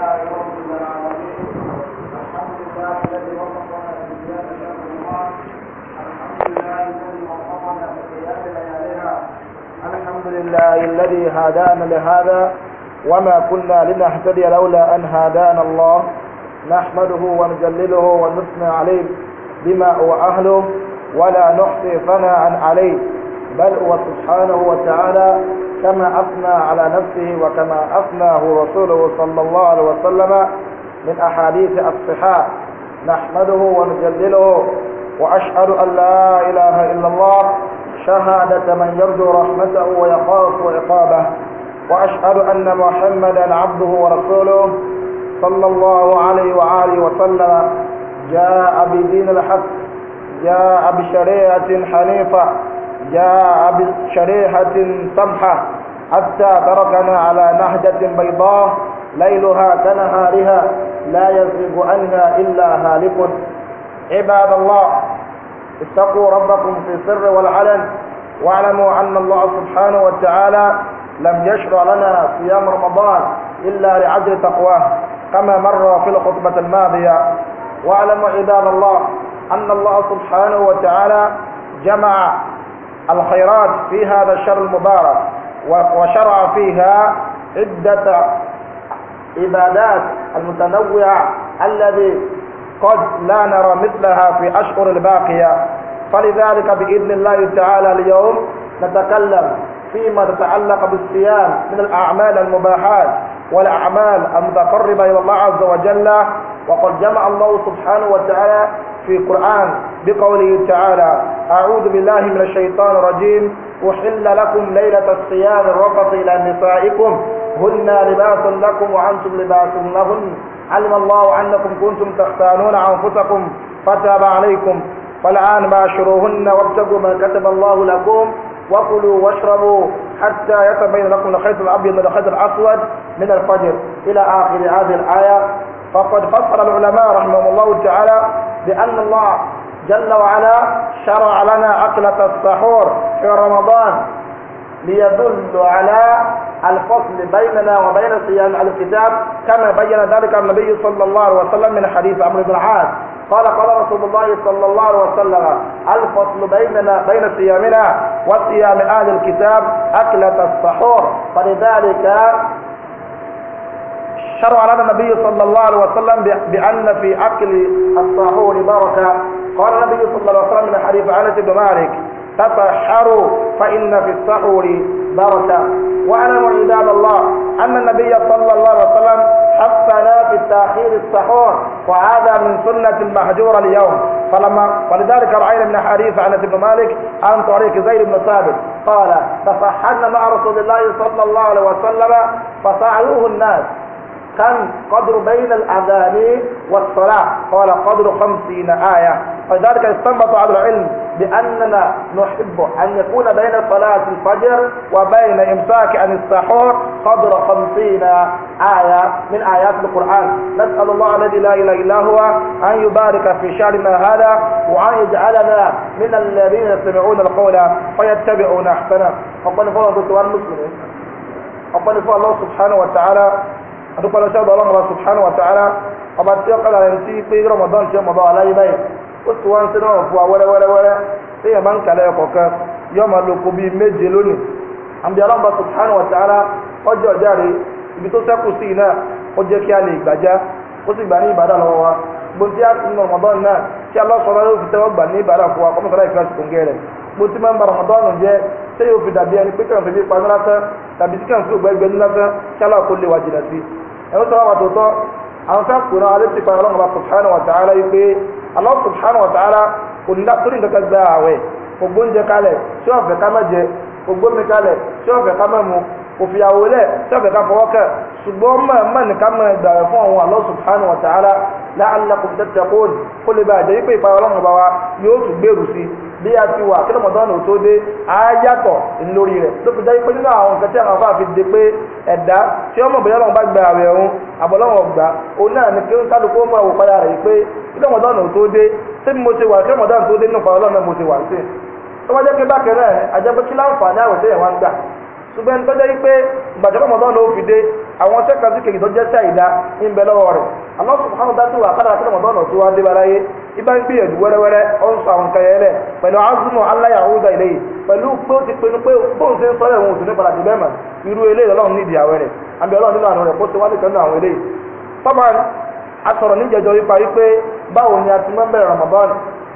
الحمد لله الذي وفقنا شهر الحمد لله الذي وفقنا الحمد لله الذي هدانا لهذا وما كنا لنهتدي لولا أن هدانا الله نحمده ونجلله ونثنى عليه بما هو أهله ولا نحصي ثناء عليه بل هو سبحانه وتعالى كما أثنى على نفسه وكما أثناه رسوله صلى الله عليه وسلم من أحاديث الصحاء نحمده ونجلله وأشهد أن لا إله إلا الله شهادة من يرجو رحمته ويخاف عقابه وأشهد أن محمدا عبده ورسوله صلى الله عليه وآله وسلم جاء بدين الحق جاء بشريعة حنيفة جاء بشريحة سمحة حتى تركنا على نهجة بيضاء ليلها كنهارها لا يزيغ عنها إلا هالك عباد الله اتقوا ربكم في السر والعلن واعلموا أن الله سبحانه وتعالى لم يشرع لنا صيام رمضان إلا لعجل تقواه كما مر في الخطبة الماضية واعلموا عباد الله أن الله سبحانه وتعالى جمع الخيرات في هذا الشهر المبارك وشرع فيها عدة عبادات المتنوعة الذي قد لا نرى مثلها في أشهر الباقية فلذلك بإذن الله تعالى اليوم نتكلم فيما تتعلق بالصيام من الأعمال المباحات والأعمال المتقربة إلى الله عز وجل وقد جمع الله سبحانه وتعالى في قرآن بقوله تعالى أعوذ بالله من الشيطان الرجيم أحل لكم ليلة الصيام الرفض إلى نسائكم هن لباس لكم وأنتم لباس لهن علم الله أنكم كنتم تختانون أنفسكم فتاب عليكم فالآن باشروهن وابتقوا ما كتب الله لكم وكلوا واشربوا حتى يتبين لكم الخيط الأبيض من الخيط الأسود من الفجر إلى آخر هذه الآية فقد فصل العلماء رحمهم الله تعالى بأن الله جل وعلا شرع لنا أكلة السحور في رمضان ليدل على الفصل بيننا وبين صيام الكتاب كما بين ذلك النبي صلى الله عليه وسلم من حديث عمرو بن العاص قال قال رسول الله صلى الله عليه وسلم الفصل بيننا بين صيامنا وصيام اهل الكتاب اكله السحور فلذلك شرع لنا النبي صلى الله عليه وسلم بأن في أكل السحور بركة قال النبي صلى الله عليه وسلم من حديث انس بن مالك تسحروا فان في السحور بركه وأنا عباد الله ان النبي صلى الله عليه وسلم حثنا في تاخير السحور وهذا من سنه مهجوره اليوم فلما ولذلك راينا من حديث انس بن مالك عن طريق زيد بن ثابت قال تفحلنا مع رسول الله صلى الله عليه وسلم فصعلوه الناس خمس قدر بين الأذان والصلاة قال قدر خمسين آية فذلك استنبط على العلم بأننا نحب أن يكون بين صلاة الفجر وبين إمساك عن السحور قدر خمسين آية من آيات القرآن نسأل الله الذي لا إله إلا هو أن يبارك في شعرنا هذا وأن يجعلنا من الذين يستمعون القول فيتبعون أحسنه وقال فوق الدكتور مسلم وقال فوق الله سبحانه وتعالى àdúpàlọ́ sí ọ̀dọ̀ ọlọ́run subhanahu wa ta'ala ọba tí ó kàlà rẹ̀ sí pé rọmọdán tí ó mọ̀ bá wà láyé báyìí ó sì wọ́n ń sínú ọ̀rọ̀ fún wa wẹ́rẹ́wẹ́rẹ́wẹ́rẹ́ tí èèyàn máa ń kàlẹ̀ ẹ̀kọ̀ kan yóò máa lo kó bíi méje subhanahu wa ta'ala ọjọ́ ọ̀járe ibi tó sẹ́kù sí iná ó jẹ́ kí a lè gbàjá ó sì gbà ní ìbàdàn lọ́wọ́ wa gbòǹtí àti rọmọdán náà tí alọ́sọ̀rọ̀ yóò fi tẹ́wọ́ gbà ní ìbàdàn fún wa kọ́mọ̀sọ̀rọ̀ ìfẹ́ ṣùgbọ́n rẹ̀ gbòǹtí máa ń ba rọmọdán jẹ́ tẹ́yọ̀ fi dàbí ẹni pé kàn fi bí pa ní lásán tàbí tí kàn fi ògbẹ́gbẹ́ ní lásán kí aláàkó lè wà jìnà sí i ẹ̀rọ tó wà tó tọ́ àwọn sáà kùnà alẹ́ ti pa ọlọ́run ọba subhanahu wa ta'ala yìí pé Allah subhanahu wa ta'ala kò ní dákúrò nǹkan kan gba àwẹ̀ gbogbo oúnjẹ kalẹ̀ tí ọ̀fẹ́ ká má jẹ gbogbo mi kalẹ̀ tí ọ̀fẹ́ ká má mu òfìyàwó lẹ̀ tí ọ̀fẹ́ ká fọwọ́ kẹ̀ ṣùgbọ́n mọ̀ọ́mọ́ nìkan mọ̀ ẹgbàwẹ̀ fún àwọn Allah subhanahu wa ta'ala la'allakum tattaqun kó lè bá àjẹ́ yí pé ìpayọ̀ ọlọ́run ọba wa yóò tún gbèrú sí bí a ti wà kí lọ́mọdọ́nù tó dé ayátọ̀ lórí rẹ̀ ló fi jẹ́ pé àwọn nǹkan tí àwọn afá fi de pé ẹ̀dá tí ọmọ ìbẹ̀rẹ̀ ọlọ́run bá gba àwẹ̀ ọ̀hún àbọ̀lọ́wọ̀n gbà ó náà ni kí ó sálù kó máa wò padà rẹ̀ pé kí lọ́mọdọ́nù tó dé ṣé mo ti wà kí lọ́mọdọ́nù tó dé nínú ìpàdé ọlọ́run mo ti wà sí tó bá jẹ́ pé bákan náà àjẹpẹ́ kí láǹfààní àwẹ̀ tó yẹ wá ń gbà ṣùgbọ́n tó jẹ́ pé gbàjọba mọ̀tọ́ ló fi dé àwọn sẹ́kàtì kèkì tó jẹ́ sí àìdá ń bẹ lọ́wọ́ rẹ̀ Allah subhanahu wa ta'ala padà kí lọ́mọdọ́nù tó wá dé bára yé ibà ń gbìyànjú wẹ́rẹ́wẹ́rẹ́ ó ń sọ àwọn nǹkan yẹn lẹ̀ pẹ̀lú azumọ̀ aláyàwóza ilé yìí pẹ̀lú pé ó ti pinnu pé bóun ṣe ń sọ ẹ̀wọ̀n òsì nípa àti bẹ́ẹ̀ mà irú ilé ìlọ́lọ́run nídìí àwẹ̀ rẹ̀ àbí ọlọ́run nínú àná rẹ̀ kó ṣe wá nìkan nínú àwọn ilé yìí. tọ́ba asọ̀rọ̀ níjẹjọ yìí parí pé báwo ni a ti máa bẹ̀rẹ̀ Ramadan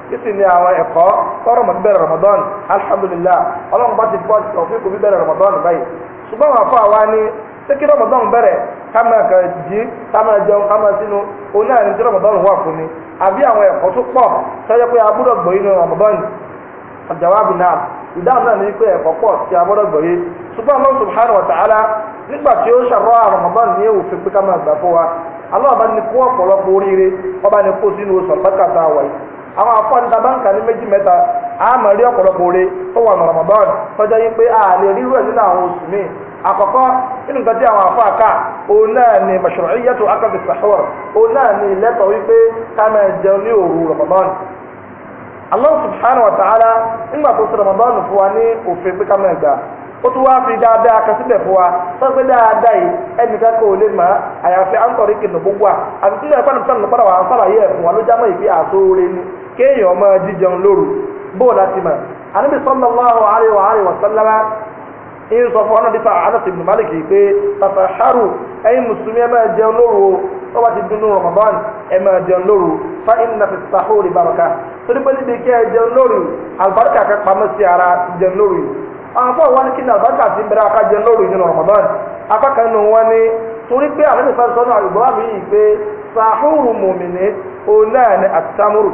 kìsì ni àwọn ẹ̀kọ́ tọrọ mọ̀ bíbẹ̀rẹ̀ Ramadan alhamdulillah ọlọ́run bá ti bọ́ ọ̀fíìkù bíbẹ̀rẹ̀ Ramadan báyìí ṣùgbọ́n àwọn afọ àwa ni ṣé kí bere bẹ̀rẹ̀ ká máa kà kama ká máa jẹun ká máa sínú oní àná tí rọmọdọ́n wà fún ni àbí àwọn ẹ̀kọ́ tó pọ̀ sọ́jọ́ pé abúlọ̀ gbòye ní rọmọdọ́n àjàwábì náà ìdáhùn náà ní pé ẹ̀kọ́ pọ̀ tí abúlọ̀ gbòye ṣùgbọ́n Allah subhanahu wa ta'ala nígbà tí ó ṣàrọ́ rọmọdọ́n ní èwù fi pé ká máa fún wa Allah bá ní kó a máa rí àkọ́kọ́ nínú nǹkan tí àwọn àfáà kà òun náà ni mashru'iyyatu akadi sahur òun náà ni lẹ́tọ̀ọ́ wípé ká máa jẹun ní òru Ramadan Allah subhanahu wa ta'ala nígbà tó sọ Ramadan fún wa ní òfin pé ká máa gbà ó tún wáá fi dáadáa kan síbẹ̀ fún wa sọ pé dáadáa yìí ẹnìkan kò lè mọ̀ àyàfi à ń tọ̀rí kìnnìún gbogbo wa àti sílẹ̀ pẹ́ẹ́nù sọ̀rọ̀ nípa àwọn àṣàlàyé ẹ̀fún wa ló já mọ́ ìgbé àsóore ni kéèyàn máa jíjẹun lóru bóòlù àti mọ̀ àníbi sallallahu alaihi wa alihi wa ihe sọ fún ọlọ́dún fún Anas ibn Malik pé tafaharu ẹ̀yin mùsùlùmí ẹ máa jẹun lóru o wọ́n bá ti dunu Ramadan ẹ máa jẹun lóru fa inna fi sahuri baraka torí pé níbi kí ẹ jẹun lóru àlùbáríkà kan pamọ́ sí ara jẹun lóru yìí àwọn fún ti bẹ̀rẹ̀ aka jẹun lóru nínú Ramadan apákan wọn ni torí pé àwọn sọ́nà àgbọ̀wá mi yìí pé mùmìnì ni àtàmúrù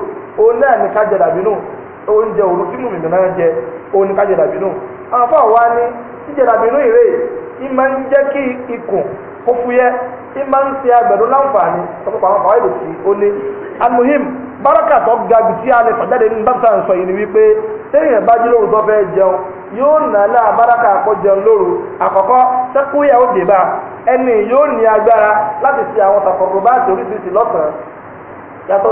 àfa wa ni jíjẹ dàbínú ìrè yìí máa ń jẹ́ kí ikùn kó fúyẹ́ yìí máa ń ṣe agbẹ̀dún o almuhim baraka tó ga bi tí fàjáde ní bàbá sọ yìí ni wípé téèyàn bá jí tó fẹ́ jẹun yóò jẹun lóru ó dé bá ẹni yóò ní agbára láti àwọn bá oríṣiríṣi án yàtọ̀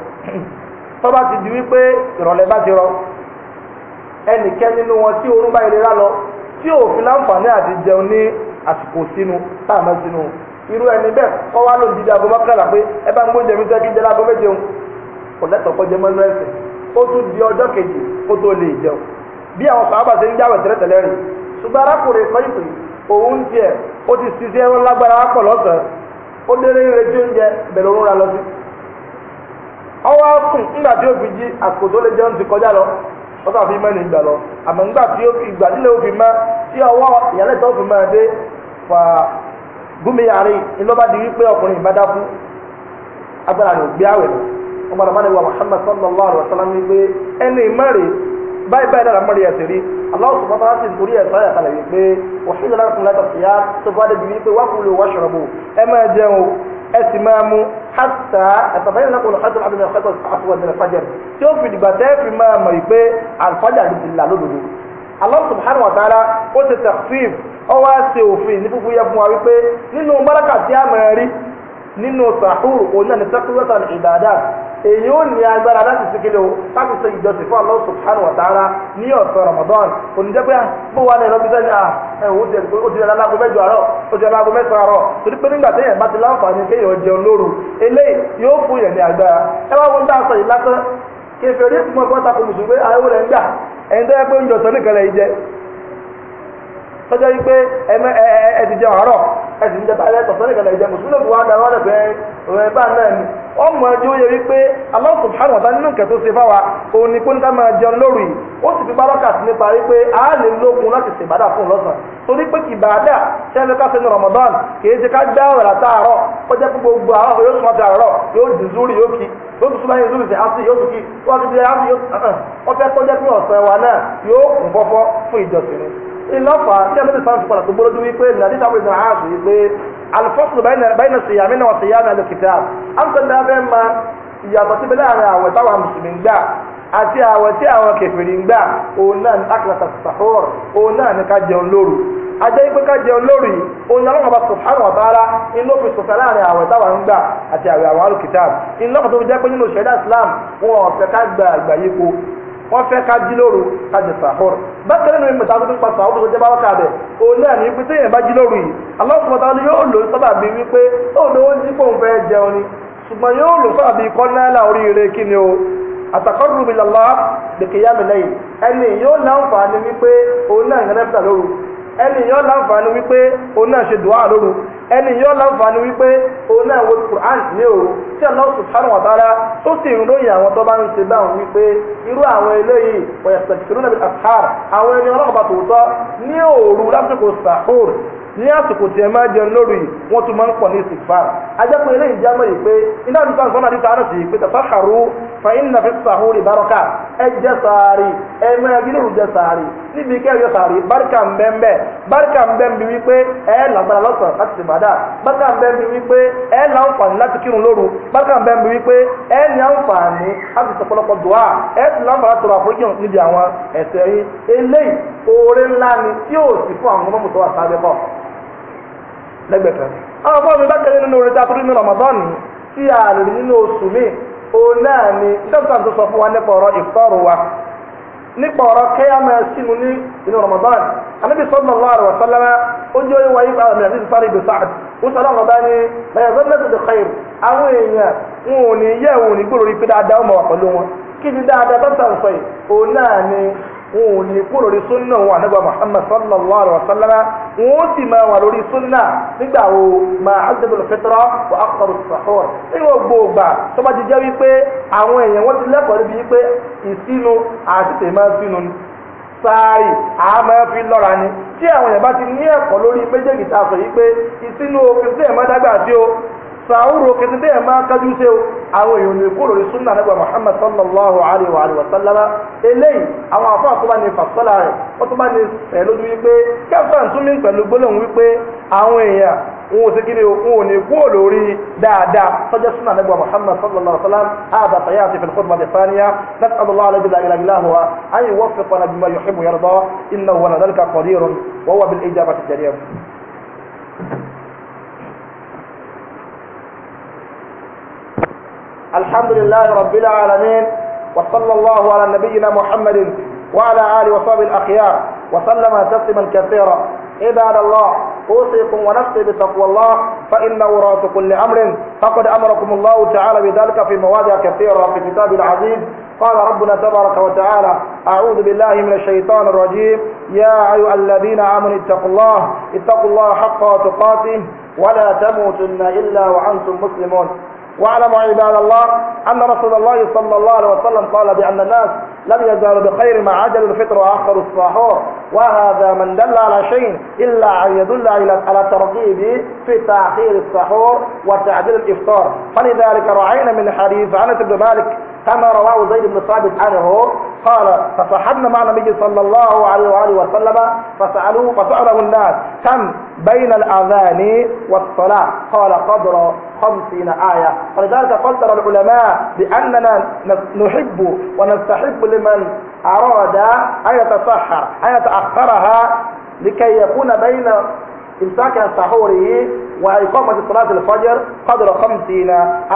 tó bá ti di wípé ìrọ̀lẹ́ bá ti rọ ẹnìkẹ́ nínú wọn tí oorun bá ìlera lọ tí òfin láǹfààní àti jẹun ní àsìkò sínú táàmù sínú irú ẹni bẹ́ẹ̀ kọ́ wá ló ń dídá aago mọ́kànlá pé ẹ bá ń gbóúnjẹ mi tẹ́kí jẹ́ láago méje kò lẹ́tọ̀ọ́ kọjá mọ́ inú ẹ̀sìn ó tún di ọjọ́ kejì kó tó lè jẹun bí àwọn sàábà ṣe ń jáwé tẹ́lẹ̀tẹ́lẹ̀ rìn ṣùgbọ́n arákùnrin kan yìí pé òun tiẹ̀ ó ti ṣiṣẹ́ lágbára pọ̀ lọ́sàn-án ó délé ọwọ́ akùn ńgbà tí ó fi jí àkòtó lè jẹun ti kọjá lọ wọ́n kà fi mọ́ ìgbà lọ àmọ́ ńgbà tí fi ìgbà nílẹ̀ ó fi mọ́ tí ọwọ́ ìyálẹ̀tọ́ fi mọ́ dé fà gúnmi àárín ìlọ́ba di wípé ọkùnrin ìbádá fún agbára ní ògbé àwẹ̀ ọmọ sallallahu alaihi wa sallam wípé ẹni báyìí báyìí dára ẹ̀sẹ̀ rí torí ẹ̀sọ́ ẹ̀sìmáàmù hàtà ẹ̀sàfẹ́yìn lọ́kùnrin ọ̀sẹ̀ àbẹ̀mẹ̀ ọ̀sẹ̀ àfọwọ́ ìdílé fàjẹ́ tí ó fi dìgbà tẹ́ fi máa mọ̀ yìí pé àlùfájà ti là lódodo. Allah subhanahu wa ta'ala ó ti tẹ̀síf ọ wá ṣe òfin ní fúfú yẹ fún wa wípé nínú mọ́lákà tí a máa rí nínú sàhúrù òun náà ní tẹ́kúrọ́tà èyí ó ní agbára láti sikele o láti ṣe ìjọsìn fún Allah subhanahu wa ta'ala ní ọ̀sán Ramadan kò pé ah, bó wà ní ẹ̀rọ ẹ̀wọ̀n ó jẹ ó ti jẹ lágo mẹ́jọ àárọ̀ ó jẹ lágo mẹ́sàn àárọ̀ torí pé nígbà téèyàn bá ti láǹfààní kéèyàn jẹun lóru eléyìí yóò fún yẹn ní agbára ẹ wá wọn dáhùn sọ yìí lásán kẹfẹ́ rí mọ́ ìfọ́ta kò mùsùlùmí ayéwò rẹ̀ ń gbà ẹ̀yin tó yẹ oúnjẹ ọ̀sán nìkan lẹ̀ yìí jẹ tọ́jọ́ yìí pé ẹ ti jẹ ọ̀rọ̀ ẹ sì ń jẹ tààrẹ tọ̀sán nìkan lè jẹ mùsùlùmí lòdù wàá dáwọ́ lẹ́fẹ̀ ẹ̀ bá náà ni ọmọ ẹjọ́ yẹ wípé Allah subhanahu wa ta'ala nínú nǹkan tó ṣe fáwa òun ni pé níta máa jẹun lóru yìí ó sì fi bárọ́kà sí nípa wípé a lè lókun láti ṣèbádà fún lọ́sàn torí pé kì bàdà sẹ́ni ká sẹ́ni Ramadan kìí ṣe ká gbá ọ̀rẹ́ àtàárọ̀ ó jẹ́ gbogbo àwọn ọ̀rẹ́ yóò tún ọ̀tẹ̀ àárọ̀ yóò dì zúrì yóò kí yóò tún súnmọ́ yẹn zúrì sí àti yóò tún kí wọ́n ti di àti yóò tún ọ̀fẹ́ kọjá pé ọ̀sẹ̀ wa náà yóò kún fọ́fọ́ fún ìjọsìn ni ìlọ́fà tí a lọ́dún sáfì padà tó gbólójú wípé nàdí sáfì ìdàn áàfì wípé alifọ́sùn báyìí náà ṣèyàmí náà ṣèyàmí alìkìtà amsanda fẹ́ ma ìyàtọ̀ síbi láàrin àwẹ̀ táwọn mùsùlùmí gbà àti àwẹ̀ tí àwọn kẹfìrì ń gbà òun náà ní akínata sàhóòrò òun náà ní ká jẹun lóru ajẹ́ ipé ká jẹun lóru yìí òun náà lọ́kàn bá subhanahu wa ta'ala inú fi sọ̀tà láàrin àwẹ̀ táwọn ń gbà àti wọ́n fẹ́ ká jí lóru ká jẹ sàhóòrò bákan nínú ìmọ̀ta tó ń pa sàhóòrò tó jẹ́ bá wákà bẹ̀ òun náà ní pé téèyàn bá jí lóru yìí aláwọ̀sọ̀mọ̀ta ni yóò lò sábà bí wípé ó ní ó ń jí pòun fẹ́ jẹun ni ṣùgbọ́n yóò lò sábà bí kọ́ náírà oríire kí ni o àtàkọ́rù mi lọ́lá ẹni yóò láǹfààní wípé òun náà ìrẹ́pẹ̀tà ẹni yọ láǹfààní wípé òun náà ṣe dùá lóru ẹni yọ láǹfààní wípé òun náà wo Qur'an ní òru tí Allah subhanahu wa ta'ala tó sì ń ròyìn àwọn tó bá ń ṣe báwọn wípé irú àwọn eléyìí wọ̀nyẹ̀sẹ̀ tìrúnàbí àtàr àwọn ẹni ọlọ́kọ̀ọ́bà tòótọ́ ní òru lásìkò sàhóòrù ní àsìkò tí ẹ máa jẹun lórí wọn tún máa ń pọ̀ ní istighfar ajẹ́pẹ́ ilé ìjà yìí pé iná àdúgbò àgbọ̀n àdúgbò àrùn sí pé tafakharu fa inna fi jẹ sàárì ẹ máa bí jẹ sàárì níbi kẹ́ ẹ sàárì barika ń bẹ́ ń wípé ẹ lágbára lọ́sàn láti barika wípé barika wípé ẹ ní àǹfààní láti sọpọlọpọ dùá ẹ àforíjì níbi àwọn lẹ́gbẹ̀ẹ́ kan àwọn fọ́ọ̀mù bá kẹ́lẹ́ nínú orin tàbí nínú Ramadan tí a lè rí nínú oṣù mi òun náà ni ìjọba tó sọ fún wa nípa ọ̀rọ̀ ìfọ́rù wa nípa ọ̀rọ̀ kẹ́yàmẹ́ sínú ní inú Ramadan anábì sallallahu alaihi wa sallam ó jẹ́ ìwà yípa àmì àti ìfárí wọn ò ní kúrò lórí súnà wọn ànágbà muhammad sallallahu alaihi wa sallam wọn ó sì máa wà lórí súnà nígbà wo máa azabul fitra wa akọrù sàhóor níwọ̀n gbòògbà tó bá ti jẹ́ wípé àwọn èèyàn wọ́n ti lẹ́kọ̀ọ́ níbi wípé ìsinu àti tèmá sínú ni àmọ́ fi lọ́ra ni tí àwọn èèyàn bá ti ní ẹ̀kọ́ lórí méjèèjì tá a sọ yìí pé ìsinu òfin tí ẹ̀ sí o sàárò kẹtẹ tẹ́ ẹ̀ máa kájú sí o àwọn èèyàn lè kúrò ní súnà nígbà Muhammad sallallahu alayhi wa alayhi wa sallama eléyìí àwọn afọ àtúbà ní fàṣọlá rẹ̀ wọ́n tún bá ní ẹ̀ lójú wípé kẹfàn tún mí pẹ̀lú gbólóhùn wípé àwọn èèyàn wọn ò sí kí ni wọn ò ní kúrò lórí dáadáa tọ́jú súnà nígbà Muhammad sallallahu alayhi wa sallam àdà àti fìlìkọ́ bàbá fàníyà nas'alullaha alẹ́ الحمد لله رب العالمين وصلى الله على نبينا محمد وعلى آله وصحبه الأخيار وسلم تسليما كثيرا عباد الله أوصيكم ونفسي بتقوى الله فإنه رأس كل أمر فقد أمركم الله تعالى بذلك في مواضع كثيرة في كتاب العزيز قال ربنا تبارك وتعالى أعوذ بالله من الشيطان الرجيم يا أيها الذين آمنوا اتقوا الله اتقوا الله حق تقاته ولا تموتن إلا وأنتم مسلمون واعلموا عباد الله أن رسول الله صلى الله عليه وسلم قال بأن الناس لم يزالوا بخير ما عجل الفطر وأخروا السحور وهذا من دل على شيء إلا أن يدل على ترغيب في تأخير السحور وتعديل الإفطار فلذلك رأينا من حديث أنس بن مالك كما رواه زيد بن ثابت عنه قال فصحبنا مع النبي صلى الله عليه وآله وسلم فسألوه فسأله الناس كم بين الأذان والصلاة قال قدر خمسين آية ولذلك قدر العلماء بأننا نحب ونستحب لمن أراد أن يتسحر أن يتأخرها لكي يكون بين إمساك سحوره وإقامة صلاة الفجر قدر خمسين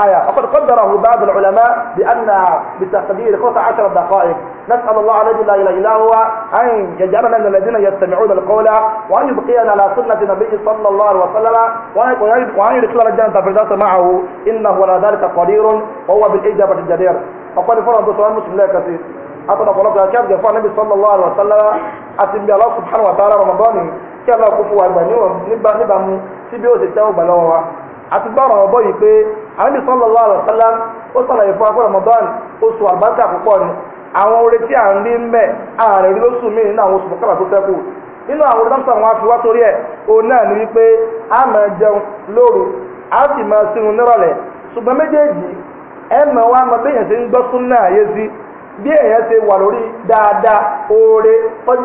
آية وقد قدره بعض العلماء بأنها بتقدير عشر دقائق نسأل الله الذي لا إله إلا هو أن يجعلنا من الذين يستمعون القول وأن يبقينا على سنة النبي صلى الله عليه وسلم وأن يدخلنا الجنة في فردوس معه إنه ولا ذلك قدير وهو بالإجابة الجدير وقد فرض سؤال مسلم لا كثير أطلع قلت يا جفا النبي صلى الله عليه وسلم أتم الله سبحانه وتعالى رمضان كان الله كفوا أربعين نبا نبا sí bí ó ṣe tẹ́wọ́ gbà wa àti pe ọ̀bọ yìí pé ànábì sallallahu alaihi ó sàlàyé fún akọ́rọ̀ Ramadan oṣù àlùbáríkà púpọ̀ ni àwọn oore tí à ń rí mbẹ́ ààrẹ rí lóṣù míì nínú àwọn oṣù mọ́kànlá tó tẹ́kù nínú àwọn oríṣiríṣi àwọn afiwá torí ẹ̀ náà a máa jẹun lóru a sì máa sinmi nírọ̀lẹ́ ṣùgbọ́n méjèèjì ẹ mọ̀ wá mọ bí èèyàn ṣe ń gbọ́ súnà ayé sí bí èèyàn ṣe oore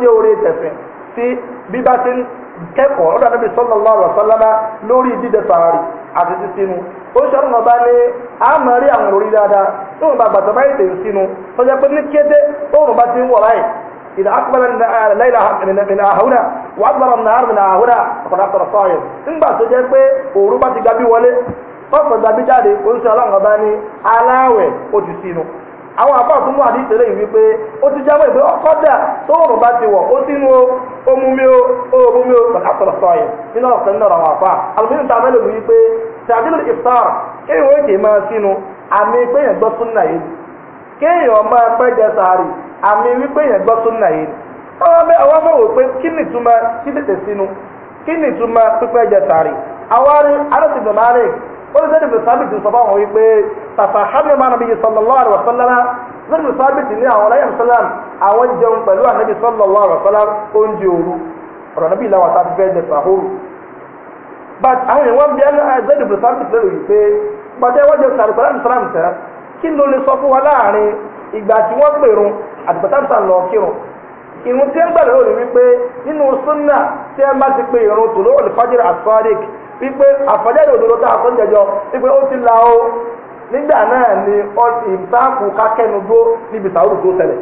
oore tẹ̀sìn kẹ́kọ̀ọ́ ọ̀dọ̀ Ànábì sallallahu alaihi wasallam lórí dídẹ sàárì àti sísinu ó ṣe bá ní àmọ́ rí àwọn orí dáadáa tí wọ́n bá gbàtọ́ báyìí tẹ̀ sínú tó jẹ́ pé ní kété oòrùn bá ti ń wọ̀ láyìí إذا أقبل الليل من هنا àwọn àbá tó mú àdìsí lẹ́yìn wípé ó ti jábọ̀ ìpè ọkọ́dà tó wọ̀n bá ti wọ̀ ó sínú ó mú mi ó ó mú mi ó bàtà sọ̀rọ̀ sọ̀yìn nínú ọ̀sẹ̀ nínú àwọn àbá àlùmíyàn tá a mẹ́lẹ̀ lù wípé tàbílù ìftar kéèyàn ó kè máa sínú àmì péyàn gbọ́ súnà yìí kéèyàn máa pẹ́ jẹ sàárì àmì wípé èèyàn gbọ́ súnà yìí àwọn afẹ́ wò pé kí ni ìtumọ̀ kí tètè sínú kí ni ìtumọ̀ pípẹ́ jẹ sàárì àwọn ará ti dùn máa rìn olùsẹ́ni bìsábìtì sọ fáwọn wípé tàfà hábẹ́ máa nàbí sallallahu alaihi wasallam sẹ́ni bìsábìtì ní àwọn ọ̀lẹ́yìn sọ́lám àwọn jẹun pẹ̀lú ànábì sallallahu alaihi wasallam oúnjẹ òru ọ̀rọ̀ nàbí ìlà wàtá ti jẹ sàhóru. but àwọn èèyàn bí ẹnu àìsẹ́ni bìsábìtì lérò yìí pé pàtẹ́ wọ́n jẹ sàrùsàràm sàràm tẹ̀ kí ló lè sọ fún wa láàrin ìgbà tí wọ́n pèrun àtìpátàǹtà lọ kírun ìrun tí ń gbàlẹ́ òní wípé nínú sunna tí ẹ bá ti pe ìrun tòló olùfájìrì àtúwárẹ́kì wípé àfọ̀jáde òdodo tá a sọ jẹjọ wípé ó ti la o nígbà náà ni ìsáàkù kákẹ́nu dúró níbi sàúrù tó ṣẹlẹ̀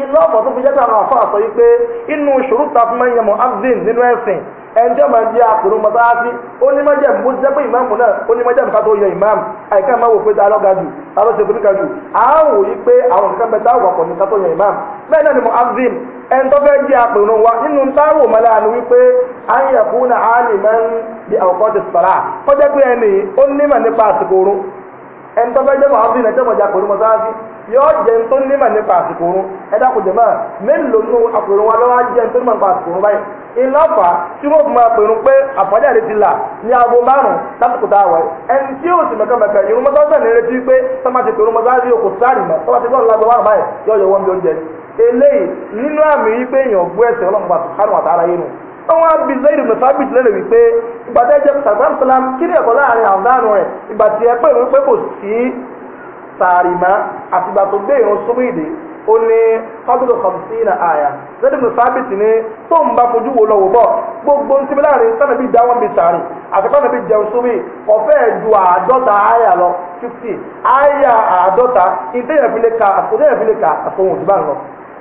iná ọ̀pọ̀ tó fi jẹ́ tàwọn àfọ́ àsọ yìí pé inú ìṣòro ta fún mẹ́yìn mọ́ abdin nínú ẹ̀sìn ẹnjẹ́ máa jẹ́ àpèrò mọ́sáàsì ó ní mú jẹ́ pé ìmáàmù náà ìmáàmù àìká máa wò pé ta lọ́ga jù ta ló ṣe jù pé àwọn nǹkan ìmáàmù bẹ́ẹ̀ náà ẹn tó fẹ́ jẹ́ àpèrún wa nínú táwò mọ́lá ni wípé à ń yẹ fún àálì mẹ́rin bí àwòkọ́ ti sọ̀rọ̀ à kọjá pé ẹni ó nímọ̀ nípa àsìkò oorun ẹn tó fẹ́ jẹ́ mọ̀hábí náà jẹ́mọ̀já àpèrún mọ́sáàsì yóò jẹ́ ń tó nímọ̀ nípa àsìkò oorun ẹ dákun jẹ́ máa mélòó nínú wa lọ́wọ́ jẹ́ ń tó nímọ̀ nípa àsìkò ìlọ́fà tí wọ́n fi máa pé ti là ní aago márùn-ún lásìkò tá eléyìí nínú àmì yìí pé èèyàn gbọ́ ẹsẹ̀ ọlọ́run pàtó àtàrà yìí nù àwọn abilé ìrìnà sábìtì lẹ́lẹ̀ wípé ìgbà tẹ́ jẹ́ sàgbàm sàlám kí ni ẹ̀kọ́ láàrin àwòdánù rẹ̀ ìgbà tí ẹ pè wípé kò sí sàrìmá àti ìgbà tó gbé ìrún ó ní àyà gbogbo ń tibí láàrin sọ́nà bí bí àti sọ́nà bí jẹun ọ̀fẹ́ ju àádọ́ta àyà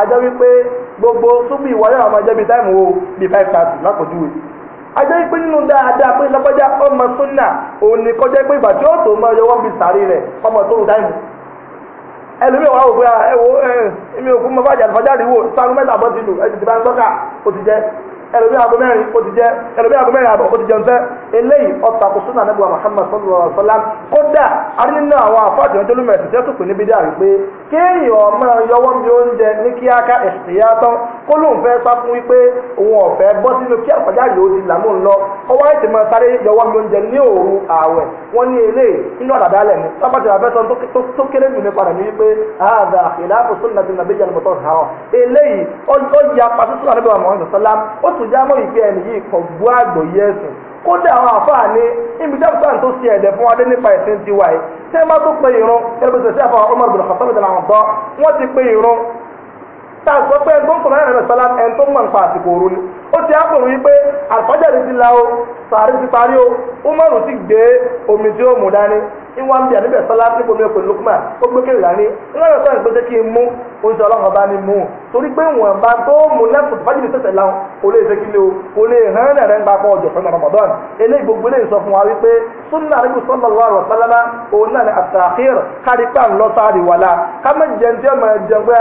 ajẹ́ wípé gbogbo súnmù ìwáyà ọmọ jẹ́ bí táìmù wo bí 5,000 thirty lápòjúwe ajẹ́ wípé nínú dáadáa pé lọ́kọ́já ọmọ súnà òun kọjá pé ìgbà ó tó mọ ọyọwọ́ bí sàárì rẹ̀ ọmọ tó ń táìmù ẹlòmíì wà wò pé ah, ẹ wo ẹ ẹlòmí aago mẹ́rin ó ti jẹ ẹlòmí aago mẹ́rin àbọ̀ ó ti jẹun tẹ́ eléyìí ọ̀tà kò súnà nígbà Muhammad sallallahu alaihi wasallam kódà arínínà àwọn àfáàjọ ọjọ́ lómẹ̀sì tẹ́tù pè níbi dáa rí pé kéèyàn máa yọwọ́ bí oúnjẹ ní kíáká ìṣìyàtọ̀ kó lóun fẹ́ sá fún wípé òun ọ̀fẹ́ bọ́ sínú kí àpàjá yòó ti làmú ńlọ ọwọ́ ètò máa sáré yọwọ́ mi oúnjẹ ní òru ààwẹ̀ wọ́n ní ilé inú àdàdà alẹ̀ mú sábàtì àfẹ́sọ tó kéré jù ní padà ní wípé ààdà àfẹ́láàfẹ́ sọ́nà ti nàbẹ́jà ní mọ̀tọ́ ha ọ́ eléyìí ó ya pàṣẹ sọ́nà níbi àwọn ọmọ sọ́lá ó tún já mọ́ ìgbé ẹni yìí kọ̀ gbọ́ àgbò yẹ́sùn kódà àwọn àfáà ní ibi jáfẹ́sà tó ṣe ẹ̀dẹ̀ fún adé nípa ẹ̀sìn tiwa yìí tẹ́ bá tó pe ìrun ẹ̀rọ bẹ̀sẹ̀ sí àfọwọ́ ọmọ ìbùdókọ̀ sọ́lá ìdàlà àwọn bọ́ wọ́n ti pe ìrun tá a sọ pé ẹni tó ń sọ̀rọ̀ ẹ̀rọ sọ́lá ẹni tó ń mọ̀ nípa àsìkò òru ni ó ti ápòrò wípé àlùfájàre ti la o sàárì ti parí o ó mọ̀rùn ti gbé omi tí ó mú dání ìwà ń bí àníbẹ̀ sọ́lá níbo mi pẹ̀lú lukuma ó gbé kéwìrà ní ńlọ́rọ̀ sọ́yìn pé kí n mú oúnjẹ ọlọ́run ọba ni mú torí pé wọ́n bá tó mú lẹ́fùtù fájìlì tẹ̀sẹ̀ láwọn kò lè ṣe kí lé o kò lè hàn rẹ̀ rẹ̀ ń gba pọ̀ ọjọ́ fún Ramadan eléyìí gbogbo eléyìí sọ fún wa wípé sunna rẹ̀ kò sọ́nà lọ́rọ̀ sálámà òun náà ni àtàkìr kárí pa ńlọ sáàrì wàlá ká má jẹun tí ó máa jẹun pé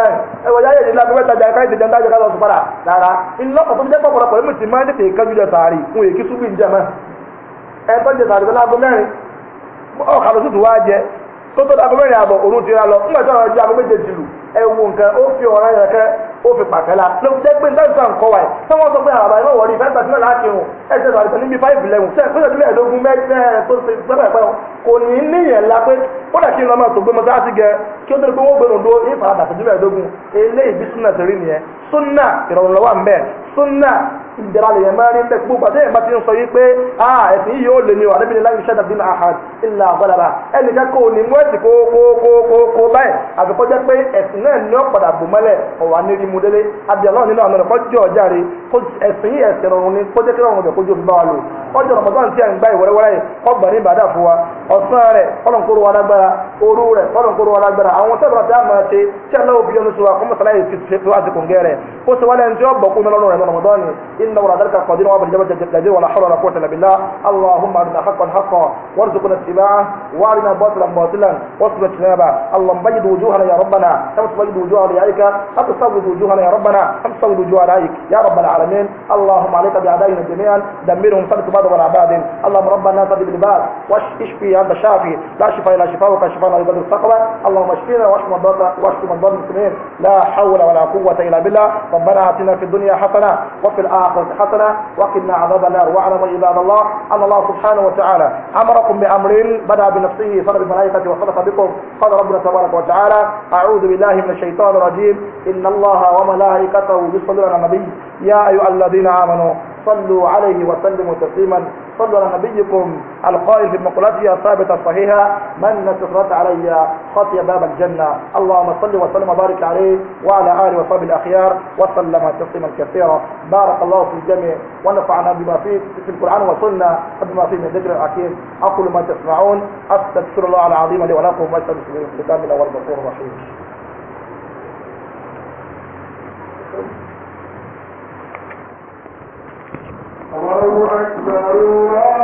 ẹ wọ yáyẹ yìí lábẹ́ tajà ká ìdíjẹun tájà ká lọ sùn padà rárá ìlọ́pọ̀ tó jẹ́ pọ̀pọ̀lọpọ̀ lẹ́mìtì máa ń tètè kájú jẹ sáàrì fún èkí ń jẹ mọ́ ẹ tó jẹ sáàrì pẹ̀lú mẹ́rin ọkà lọ sí tù wá jẹ tó tó dàgbọ́ mẹ́rin àbọ̀ òun ti ra lọ nígbà tí wọ́n jẹ́ àgbọ̀ méje jìlù ẹ̀wù nǹkan ó fi ọ̀rọ̀ yẹn kẹ́ ó fi pàtẹ́ la ló jẹ́ pé nígbà tí wọ́n kọ́ wa yìí tí wọ́n sọ pé àbàbà yìí wọ̀rí ìfẹ́ gbàtí mẹ́rin láti hùn ẹ̀sẹ̀ tó àdìsẹ́ níbi fáìfì lẹ́hùn sẹ́ẹ̀ tó tẹ̀lé ẹ̀dógún mẹ́rin tó ṣe gbẹ́bẹ̀ pẹ́ kò ní níyẹn la pé ó dà kí n lọ máa tó gbé mọ́tò láti gẹ kí ó tó gbé wọ́n gbẹ̀rún dúró ìfaradà tó tẹ̀lé ẹ̀dógún eléyìí bí súnà ti rí nìyẹn súnà ìrọ̀rùn lọ́wọ́ à ń bẹ̀ súnà ìdẹ̀ra lè yẹn máa rí bẹ́ẹ̀ gbogbo àti ẹ̀ma ti ń sọ yìí pé a ẹ̀sìn yìí yóò lè ní o àdébìnrin láyé iṣẹ́ dàbí náà àhàn ìlà àbọ̀dàbà ẹnì kẹ́kọ̀ọ́ ò ní mú ẹ̀sìn kó kó kó kó kó báyìí àfikọ́ jẹ́ pé ẹ̀sìn náà ní ọ̀padà bò mọ́lẹ̀ ọ̀wà ní rí mu délé abiyalọ́ nínú àwọn ọ̀nà kọjọ́ ọjà rẹ̀ ẹ̀sìn yìí ẹ̀sìn rọrùn ni kó jẹ́ kí rọrùn rẹ̀ kó jó fi bá إنه لا ذلك القدير وأبر جبل القدير ولا حول ولا قوة إلا بالله اللهم أرنا حقا حقا وارزقنا اتباعه وأرنا باطلا باطلا واصبر اجتنابه اللهم بيد وجوهنا يا ربنا كم تبيد وجوه أوليائك أم تسود وجوهنا يا ربنا كم تسود وجوه أوليائك يا رب العالمين اللهم عليك بأعدائنا جميعا دمرهم سنة بعض ولا بعد اللهم ربنا سد بالباس واشفي أنت الشافي لا شفاء إلا شفاءك شفاء لا يبدل السقوى اللهم اشفينا واشف مرضانا واشف مرضى المسلمين لا حول ولا قوة إلا بالله ربنا آتنا في الدنيا حسنة وفي الآخرة أحسنت حسنا وقنا عذاب النار واعلموا عباد الله أن الله سبحانه وتعالى أمركم بأمر بدأ بنفسه صلى بالملائكة وصدق بكم قال ربنا تبارك وتعالى أعوذ بالله من الشيطان الرجيم إن الله وملائكته يصلون على النبي يا أيها الذين آمنوا صلوا عليه وسلموا تسليما صلوا على نبيكم القائل في مقولته الثابته الصحيحه من سكرت علي خطي باب الجنه اللهم صل وسلم وبارك عليه وعلى اله وصحبه الاخيار وسلم تسليما كثيرا بارك الله في الجميع ونفعنا بما فيه في القران والسنه بما فيه من ذكر الحكيم اقول ما تسمعون استغفر الله العظيم لي ولكم واستغفر الكتاب الاول الغفور الرحيم Thank you. الله أكبر الله